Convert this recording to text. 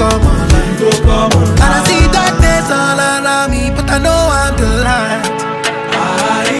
come on, Go come